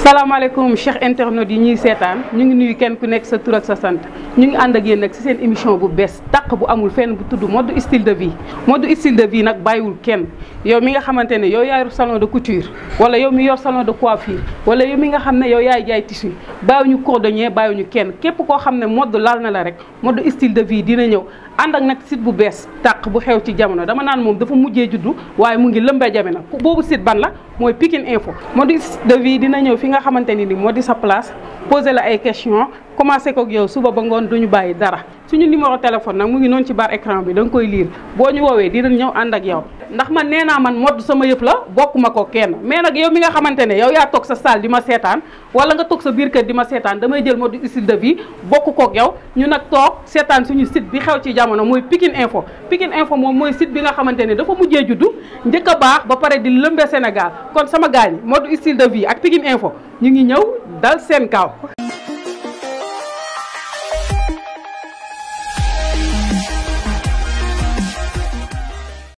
salaamaaleykum cheikh internautes yi ñuy seetaan ñu ngi nuyu kenn ku nekk sa tur sa sant ñu ngi ànd ak yéen nag si seen émission bu bees tàq bu amul fenn bu tudd mode style de vie mode style de vie nag bàyyiwul kenn yow mi nga xamante ne yow yaay salon de couture wala yow mi yor salon de coiffure wala yow mi nga xam ne yow yaay jaay tissu bàyyiwuñu cordonnier bàyyiwuñu kenn képp koo xam ne mode laal na la rek mode style de vie dina ñëw ànd ak nag site bu bees tàq bu xew ci jamono dama naan moom dafa mujjee judd waaye mu ngi lëmbee na boobu site ban la mooy Pikine Info mode style de vie dina ñëw fi nga xamante ni ni moo di sa place poser la ay questions commencé ko yow suba ba ngoon duñu baye dara suñu numéro téléphone nak mu ngi non ci bar écran bi dang koy lire bo ñu wowe dinañ ñëw ànd ak yow ndax man néna man mod sama yëpp la bokuma ko kenn mais nak yow mi nga xamantene ne yow ya tok sa salle di ma seetaan wala nga tok sa bir kër di ma seetaan damay jël mod style de vie bokk ak yow ñu nak tok suñu site bi xew ci jamono moy Pikine Info Pikine Info mom moy site bi nga xamantene ne dafa mujjé juddu njëkk baax ba pare di lëmbe Sénégal kon sama gañ mod style de vie ak pikin Info ñu ngi ñew dal sen kaw